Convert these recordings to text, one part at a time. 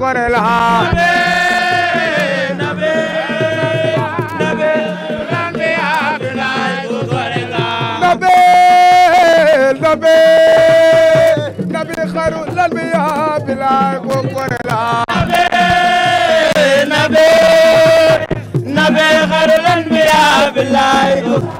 gore la nabe nabe nabe Abdoulaye ku gore la nabe nabe nabe lan bi Abdoulaye ku gore la nabe nabe nabe xaru lan bi Abdoulaye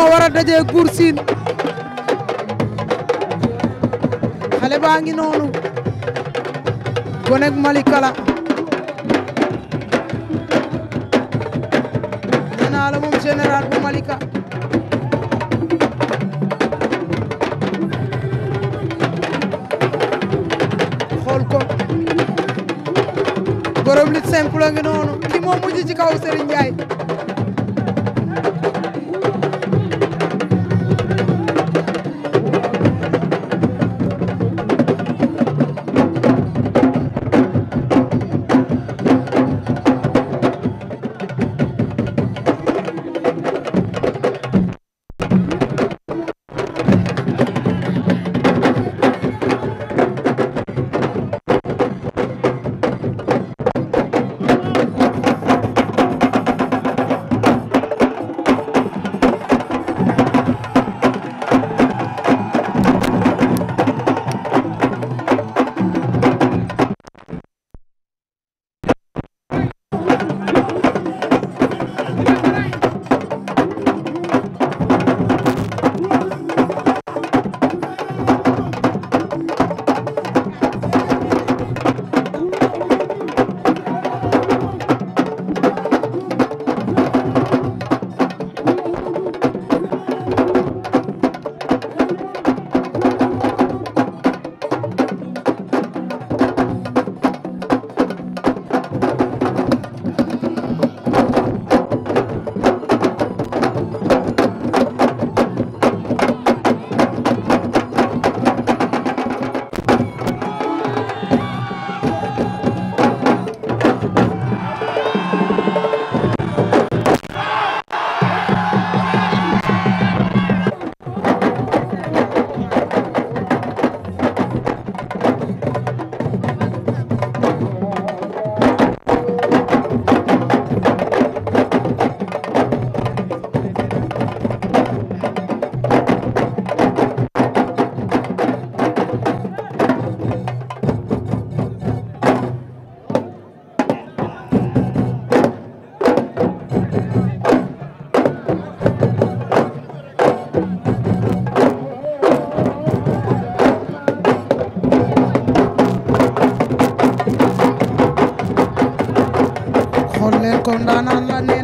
moo war a daje Buur Siin xale baa ngi noonu gonek Malika la nee naa la moom général bu Malika xool ko borom lit simple ngi noonu ki moo mujj ci kaw Serigne xool leen ko ndaanaan la ne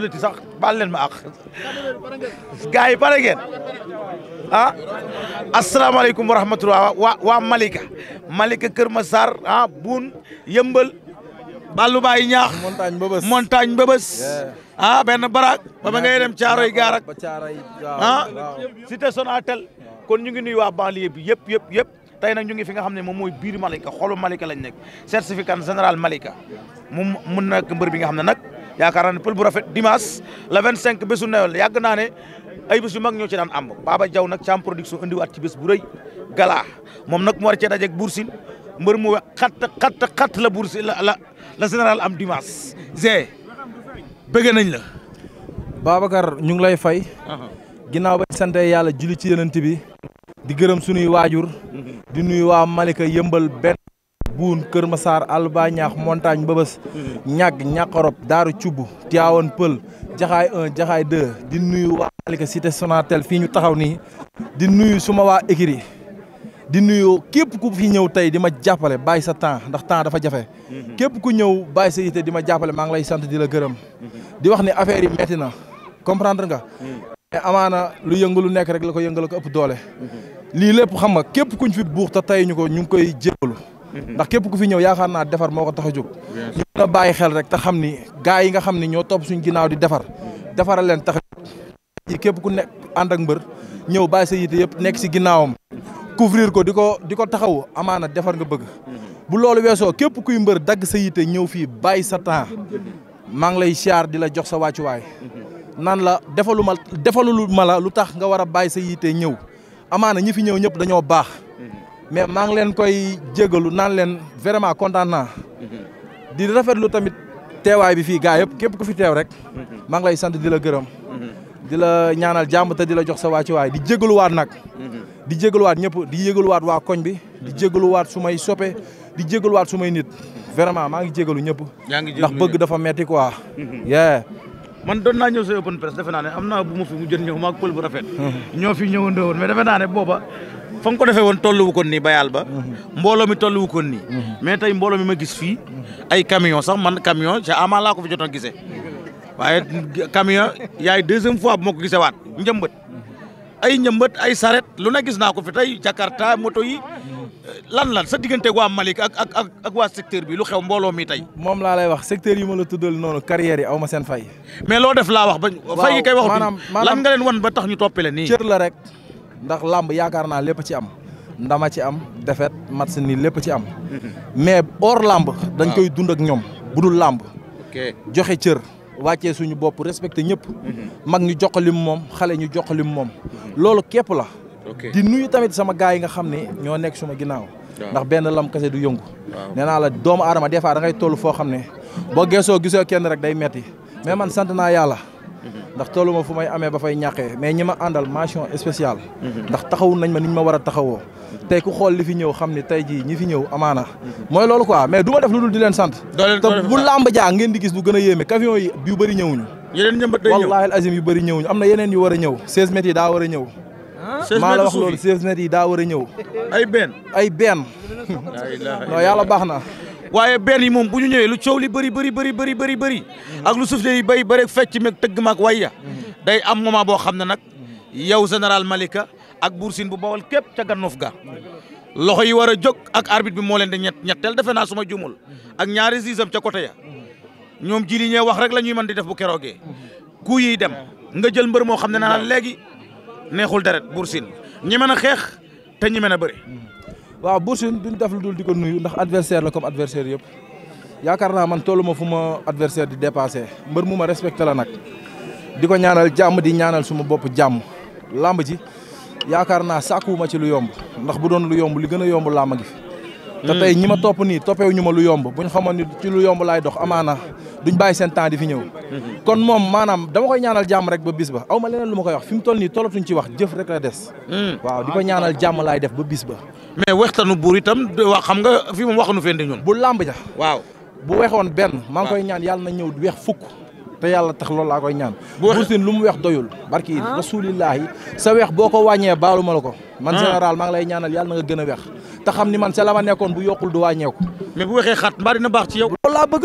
tuddati sax baal leen ma àq. gars yi pare ngeen ah asalaamaaleykum wa rahmatulah waa waa Malika Malika Kër Masar ah Buun Yëmbal Ballu Baay Ñaax montagne Mbëbës montagne ba ah benn baraak ba ba ngay dem Caaroy Gaarak ah cité Sonatel kon ñu ngi nuyu waa banlieue bi yëpp yëpp yëpp tey nag ñu ngi fi nga xam ne moom mooy biir Malika xolu Malika lañ nekk certificat général Malika mu mun nag mbër bi nga xam ne nag. yaakaar naa ne pël bu rafet dimanche le besu bésu Noël yàgg naa ay bés yu mag ñoo ci daan am Baba Diaw nag cam production indiwaat ci bés bu rëy gala moom nag moo war cee dajeeg Boursin mbër mu we xat xat xat la Boursin la la la général am dimanche bëgg nañ la. Babacar ñu ngi lay fay. Uh-huh. ginnaaw bañ sant yàlla julli ci yonent bi. di gërëm sunuy waajur. Mm-hmm. di nuyu waa Malika yëmbal benn Boune Kër Massar Alba Ñaax Montagne Mbëbës. ñàgg ñàqorop Daaru Cubb Tiawoon Pël Jaxaay 1 Jaxaay 2 di nuyu waa Malika cité Sonatel fii ñu taxaw nii di nuyu suma waa écurie di nuyu képp ku fi ñëw tey di ma jàppale bàyyi sa temps ndax temps dafa jafe. Mhm. képp ku ñëw bàyyi sa di ma jàppale maa ngi lay sant di la gërëm. di wax ne affaire yi metti na comprendre nga. Mhm. amaana lu yëngu lu nekk rek la ko yëngal ko ëpp doole. Mhm. lii lépp xam nga képp kuñ fi buux te tey ñu ko ñu ngi koy jébalu. ndax képp ku fi ñëw yaakaar naa defar moo ko tax a jóg ñu mën bàyyi xel rek te xam ni gars yi nga xam ni ñoo topp suñu ginnaaw di defar defaral leen tax yi képp ku nekk ànd ak mbër ñëw bàyyi sa yite yëpp nekk si ginnaawam couvrir ko di ko di ko taxaw amaana defar nga bëgg bu loolu weesoo képp kuy mbër dagg sa yite ñëw fii bàyyi sa temps maa ngi lay siyaar di la jox sa wàccuwaay nan la defalu ma defalu ma la lu tax nga war a bàyyi sa yite ñëw amaana ñi fi ñëw ñëpp dañoo baax mais maa ngi leen koy jégalu naan leen vraiment kontaan naa di rafetlu tamit teewaay bi fii gaa yëpp képp ku fi teew rek maa ngi lay sant di la gërëm di la ñaanal jàmm te di la jox sa waa ci waay di jégaluwaat nag di jégaluwaat ñëpp di jégaluwaat waa koñ bi di jégaluwaat su may soppe di jégaluwaat su may nit vraiment maa ngi jégalu ñëpp ndax bëgg dafa metti quoi mhm. yee man doon naa ñëw sa open press defe naa ne am naa bu ma fi mu jën ñëw maag pël bu rafet ñoo fi ñëwandoo woon mais defe naa ne booba fa nga ko defee woon tolluwu kon nii bayal ba mhm. mbooloo mi wu kon nii mhm. mais tey mbooloo mi ma gis fii ay camion sax man camion ca laa ko fi jotoon gisee waaye camion yaay deuxième fois bu ma ko gisee waat njëmbët ay njëmbët ay saret lu na gis naa ko fi tey Jakarta moto yi lan lan sa diggante waa Malick ak ak ak waa secteur bi lu xew mbooloo mi tey. moom laa lay wax secteur yi ma la tuddal noonu carrière yi aw ma seen fay. mais loo def laa wax ba. fay gi kay wax lan nga leen wan ba tax ñu toppale nii. cër la rek. ndax làmb yaakaar naa lépp ci am ndama ci am defet mat si nii lépp ci am mais hors làmb dañ koy dund ak ñoom bu dul làmb joxe cër wàccee suñu bopp respecté ñëpp mag ñu mu moom xale ñu jox li mu moom loolu képp la di nuyu tamit sama gars yi nga xam ne ñoo nekk suma ginnaaw ndax benn lam kase du yëngu nee naa la doomu aadama des fois dangay ngay toll foo xam ne boo geesoo gisoo kenn rek day metti mais man sant naa yàlla Mhm. ndax tollu ma fu may amee ba fay ñàqee mais ñi ma àndal mention spéciale. ndax taxawu nañ ma ni ñu ma war a taxawoo. Mhm. tey ku xool li fi ñëw xam ne tey jii ñi fi ñëw amaana. Mhm. mooy loolu quoi mais du ma def lu dul di leen sant. te bu làmb jaa ngeen di gis lu gën a yéeme camion yi yu bëri ñëwuñu. yeneen ñëmbat day ñëw wallaahi azim yu bëri ñëwuñu am na yeneen yu war a ñëw 16 mètres yi daa war a ñëw. Ah. maa la wax loolu 16 mètres yi daa war a ñëw. ay benn ay benn. non yàlla baax na waaye benn yi moom bu ñu ñëwee lu coow li bëri bëri bari bëri bëri bëri ak lu suuf yi bay bëri fecc meeg tëgg maag wayya day am moment boo xam ne nag yow général Malika ak Bour bu bawal képp ca gannoof ga loxo yi war a jóg ak arbitre bi moo leen di ñett ñetteel defe naa suma jumul ak ñaari sisam ca côté ya ñoom ji li ñee wax rek la ñuy mën di def bu keroogee ku yiy dem nga jël mbër moo xam ne naa léegi neexul deret Bour Sine ñi mën a xeex te ñi mën a bëri waaw Bour Sine duñ def lu dul di ko nuyu ndax adversaire la comme adversaire yëpp yaakaar naa man tollu ma fu ma adversaire di dépassé mbër mu ma respecté la nag di ko ñaanal jàmm di ñaanal suma bopp jàmm làmb ji yaakaar naa sàkkuwuma ci lu yomb ndax bu doon lu yomb li gën a yomb làmb gi te tey ñi ma topp nii toppewu ñu ma lu yomb bu ñu xamoon ni ci lu yomb laay dox amaana duñ bàyyi seen temps di fi ñëw kon moom maanaam dama koy ñaanal jàmm rek ba ba aw ma leneen lu ma koy wax fi mu toll nii tolatuñ ci wax jëf rek la des hmm. waaw di ko jàmm laay def ba bis ba mais waxtaanu buur itam wax xam nga fii moom waxanu fende ñun. bu làmb ja waaw. bu weexoon benn. maa ngi koy ñaan yàlla na ñëw weex fukk. te yàlla tax loolu laa koy ñaan. Bour Sine lu mu weex doyul. barki ah. rasulillahi sa weex boo ko wàññee baalu ma la ko. man ah. général maa ngi lay ñaanal yàlla na nga gën a weex. te xam ni man sa la ma nekkoon bu yokkul du wàññeeku. mais bu weexee xat mbaa dina baax ci yow. loolu laa bëgg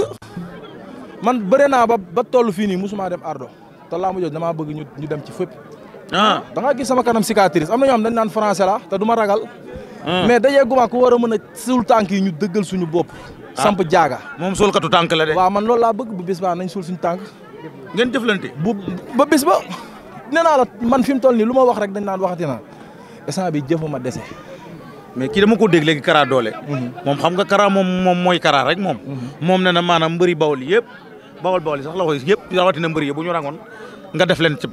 man bëre naa ba ba toll fii nii musuma dem ardo te laa mu jot damaa bëgg ñu dem ci fépp. Ah. da ngaa sama kanam cicatrice am na ñoo xam naan français la te du ma ragal Hmm. mais dajeeguma ku war a mën a suul tànk yi ñu dëggal suñu bopp. Ah. samp jaaga. moom suulkatu tànk la de. waaw man loolu laa bëgg bu bis ba nañ suul suñu tànk. ngeen jëflante. bu ba bis ba nee naa la man fi mu toll nii lu ma wax rek dañ naan waxati naa instant bi jëfuma dese. mais kii dama ko dégg léegi Kara Dollé. Mhm. moom xam nga Kara moom mooy Kara rek moom. Mhm. moom nee na maanaam mbëri bawol yëpp bawol bawol sax la koy yëpp rawatina mbëri yi bu ñu rangoon nga def leen ci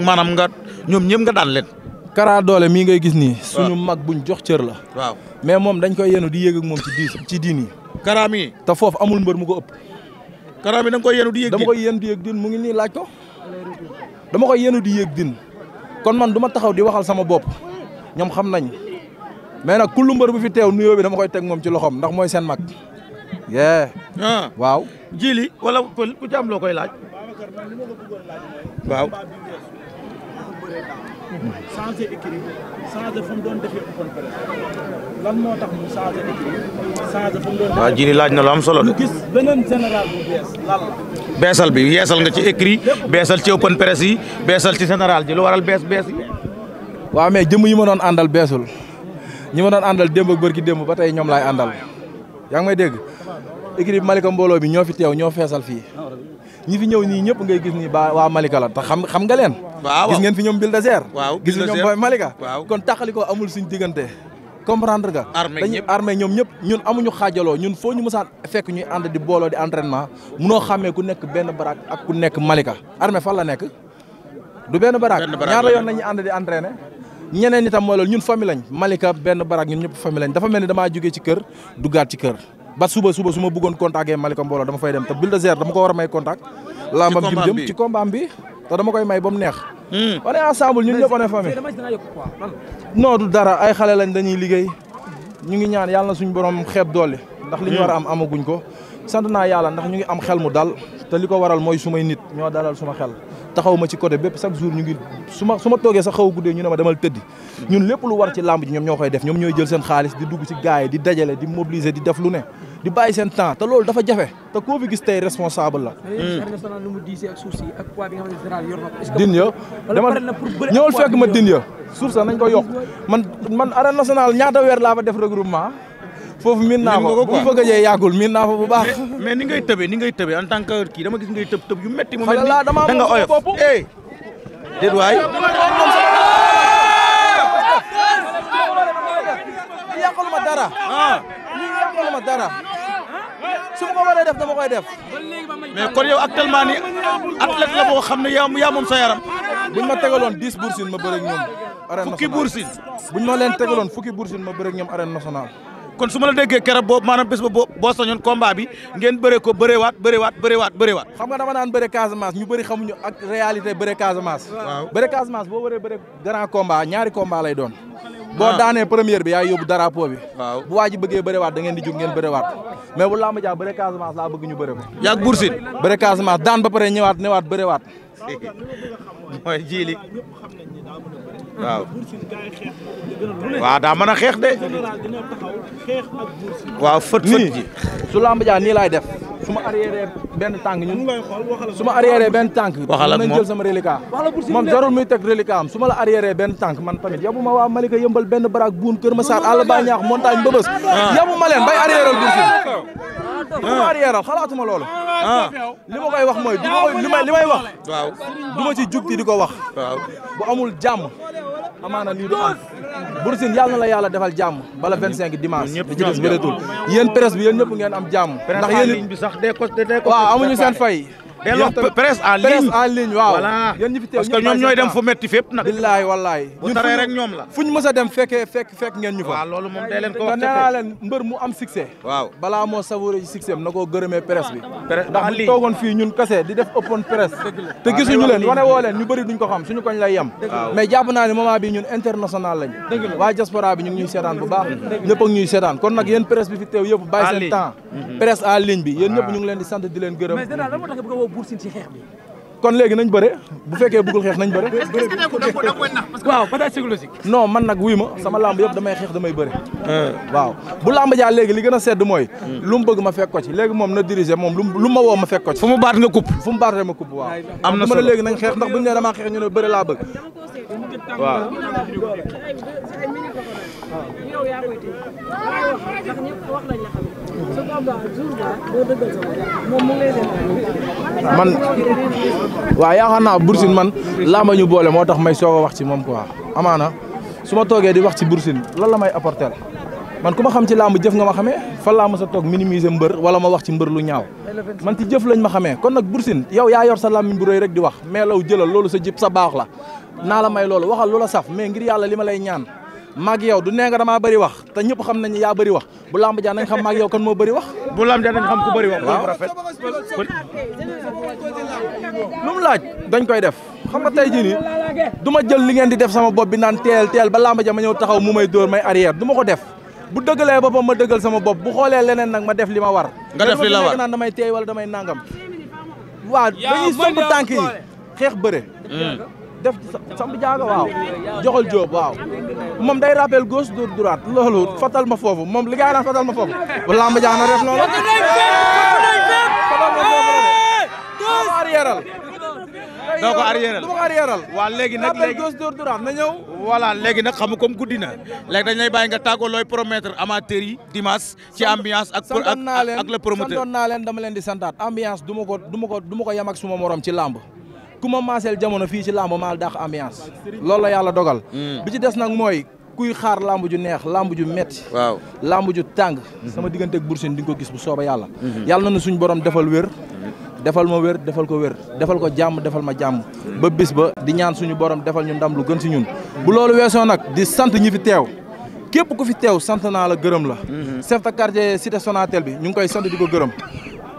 maanaam nga ñoom ñëpp nga daan leen. Kara doole mii ngay gis nii. suñu mag buñ jox cër la. waaw mais moom dañ koy yenu di yéeg ak moom ci diis ci diin yi. Kara mii. te foofu amul mbër mu ko ëpp. Kara mii koy yenu di yéeg dama koy yenu di yéeg din mu ngi nii laaj ko. dama koy yenu di yéeg din kon man du ma taxaw di waxal sama bopp ñoom xam nañ mais nag kullu mbër bu fi teew nuyoo bi dama koy teg moom ci loxoom ndax mooy seen mag. yee. Ah. waaw. jili wala ku ci am loo koy laaj. waaw. changé écrit changé lan moo tax mu changé écrit laaj na lu am solo de. beneen général bu beesal bi yeesal nga ci écrit beesal ci open press yi beesal ci général ji lu waral bees bees yi. waaw mais jëmm yi ma doon àndal beesul ñi ma doon àndal démb ak bërki démb ba tey ñoom laay àndal yaa ngi may dégg équipe Malika mbooloo bi ñoo fi teew ñoo feesal fii ñi ñëw nii ñëpp ngay gis nii ba waa Malika xam xam nga leen. waaw gis ngeen fi ñoom Bill Désert. waaw gis ngeen ñoom Boy Malika. waaw kon taxali ko amul suñ diggante. comprendre nga. armée dañuy ñoom ñëpp ñun amuñu xaajaloo ñun foo ñu mësaan fekk ñu ànd di booloo di entraînement munoo xàmmee ku nekk benn baraak ak ku nekk Malika. armée fan la nekk du benn baraak ñaata yoon nañu ànd di entraîné. ñeneen itam mooy loolu ñun famille lañ Malika benn baraak ñun ñëpp famille lañ dafa mel ni damaa jógee ci kër duggaat ci kër ba suba suba su ma bëggoon contacter Malika mbooloo dama fay dem te Bulldozer dama ko war a may contact. ci lambam jëm ci combat bi te dama koy may ba mu neex. Hmm. on est ensemble ñun ñëpp on est famille. non du dara ay xale lañ dañuy liggéey ñu ngi ñaan yàlla na suñu borom xeeb doole. ndax li ñu war a am hmm. amaguñ ko. sant naa yàlla ndax ñu ngi am xel mu dal te li ko waral mooy sumay nit ñoo dalal suma xel taxaw ma ci côté bépp chaque jour ñu ngi su ma su ma toogee sax xaw a guddee ñu ne ma demal tëddi hmm. ñun lépp lu war ci làmb ji ñoom ñoo koy def ñoom ñoo jël seen xaalis di dugg ci gaay di dajale di mobiliser di def ne di bàyyi seen temps te loolu dafa jafe te koo fi gis tey responsable la. Hmm. din ya dama ñëwal fekk ma din ya suuf sax nañ ko yokk man man arène nationale ñaata weer laa fa def regroupement. foofu miin naa ko bu fa gëjee bu baax. mais ni ngay tëbee ni ngay tëbee en tant que kii dama gis ngay tëb tëb yu metti mu mel ni da nga oyof eh, déet waay. yàqalu ma dara. Ah. yàqalu ma dara. su ma ko waree def dama koy def. mais kon nii athlète la boo xam ne yaa yaa moom sa yaram. buñ ma tegaloon dix Bour Sine ma bëreeg ñoom. arène nationale fukki Bour Sine. buñ kon su ma la déggee keroog boobu maanaam bés ba boo sañoon combat bi ngeen bëree ko bëreewaat bëreewaat bëreewaat bëreewaat xam nga dama naan bëre Casamance ñu bëri xamuñu ak réalité bëre Casamance waaw bëre Casamance boo waree bëre grand combat ñaari combat lay doon boo ah. daanee première bi yaay yóbbu drapeau bi waaw bu waa ji bëggee bëreewaat da ngeen di jóg ngeen bëreewaat mais bu làmb jaa bëre Casamance laa bëgg ñu bëre ko yaag bursin bëre Casamance daan ba pare ñëwaat ñëwaat bëreewaat mooy jiili waaw waaw daa mën a xeex de. waaw fët fët ji. su lamb nii laay def. su ma arrière benn tànk ñun su ma arrière benn tànk. waxal ak moom jël sama reliquat. jarul muy teg reliquat am su ma la arrière benn tànk man tamit yabu ma waa Malika yëmbal benn baraak buun Kër Massar àll ba ñaax montagne mbëbës. Ah. yabu ma bay arrière Bour Sine. bu ma xalaatuma lool ah li ma koy wax mooy du ma li may wax. waaw du ma ci jugti di ko wax. bu amul jàmm. amaana lii du am. Bour Sine yàlla na la yàlla defal jàmm. bala 25 dimanche. ñëpp ñëpp ñëpp yéen presse bi yéen ñëpp ngeen am jàmm. ndax yéen bi sax day amuñu seen fay. delloo presse en ligne presse en ligne waaw. voilà parce ñoom ñooy dem fu metti fépp nag. billaay wallaay. bu taree la. fuñ mës a dem fekkee fekk fekk ngeen ñu fa. bi. presse ndax ñun kese di def open presse. te gisuñu leen wane woo ñu bëri duñ ko xam suñu koñ lay yem. mais jàpp naa ne moment ñun international lañ. waa diaspora bi ñu seetaan bu baax. ñëpp ak seetaan kon nag yéen presse bi fi teew yëpp bàyyi seen temps mm-hmm. presse en bi yéen ñëpp ñu leen di sant di leen Bour Sine ci xeex bi. kon léegi nañ bëre bu fekkee bëggul xeex nañ bëre. waaw bataille psychologique. non man nag wuy ma sama lamb yëpp damay xeex damay bëre. Euh. waaw bu lamb jaa léegi li gën a sedd mooy. Hmm. lu mu bëgg ma fekk ko ci léegi moom na diriger moom lu ma woo ma fekk ko fu mu baat nga coup fu mu baatee ma coup waaw. am na solo léegi nañ xeex ndax buñu nee damaa xeex ñu ne bëre laa bëgg waaw. yow yaa koy téye ndax ñëpp wax lañ la xam su boobaa jour ba boo dëggal sa moom mu man waaw yaakaar naa Bour man làmba boole moo tax may soog a wax ci moom quoi amaana su ma toogee di wax ci Bour Sine lan la may apporter man ku ma xam ci làmb jëf nga ma xamee fan laa mës a toog minimiser mbër wala ma wax ci mbër lu ñaaw man ci jëf lañ ma xamee kon nag Bour Sine yow yaa yor sa làmmiñ bu rëy rek di wax mais law jëlal loolu sa jëp sa baax la naa la may loolu waxal lu la saf mais ngir yàlla li ma lay ñaan maag yow du nee nga damaa bëri wax te ñëpp xam nañu yaa bari wax bu lamb jaan nañ xam maag yow kan moo bari wax. bu lamb jaan nañ xam ku bëri wax. waaw rafet lu mu laaj dañ koy def xam nga tey jii du ma jël li ngeen di def sama bopp bi naan teel teel balamba lamb ja ma ñëw taxaw mu may dóor may arrière du ma ko def. bu dëggalee boppam ma dëggal sama bopp bu xoolee leneen nag ma def li ma war. nga def li naan damay teey damay nangam. waaw dañuy somb tànk yi xeex bëre. Mm. def ci samp jaaga waaw joxal jóob waaw moom day rappel gauche dur droite loolu fatal ma foofu moom li gaay naan fatal ma foofu làmb jaa na a noonu arrièreal doo ko arrièreal doo ko waa léegi nag léegi rappel gauche dur droite na ñëw voilà léegi nag xam nga comme guddi na léegi dañ lay bàyyi nga tàggoo looy promettre amateur yi dimanche ci ambiance ak ak le promoteur santoon naa leen dama leen di santaat ambiance duma ma ko du ma ko du ma ko yem ak suma moroom ci làmb ku ma maaseel jamono fii ci làmb maa dàq ambiance loolu la yàlla dogal hmm. bi ci des nag mooy kuy xaar làmb ju neex làmb ju metti waaw làmb ju tàng sama hmm. diggante ak Boursin di nga ko gis bu sooba yàlla hmm. yàlla na nu suñ borom defal wér defal ma wér defal ko wér defal ko jàmm defal ma jàmm ba bis ba di ñaan suñu borom defal ñu ndam lu gën si ñun bu loolu weesoo nag di sant ñi fi teew képp ku fi teew sant naa la gërëm la chef de quartier cité Sonatel bi ñu ngi koy sant di ko gërëm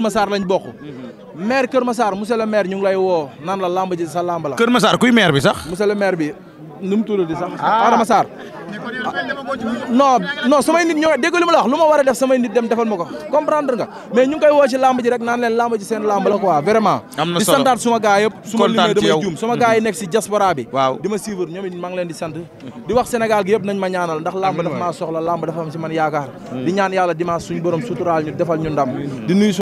Kër Massar lañ bokk. maire Kër Massar monsieur le maire ñu ngi woo nan la lamb ji sa lamb la. Kër Massar kuy maire bi sax. monsieur le maire bi nu mu tuddati sax. Adama ah. Massar. non samay nit ñoo dégg li ma ma war a samay nit dem defal ma ko comprendre nga mais ñu ngi woo ci lamb ji rek naan leen lamb ji seen lamb la quoi vraiment. di santaat suma gars yëpp. su ma damay juum suma gars yi nekk si diaspora bi. di ma suivre ñoom it leen di sant. di wax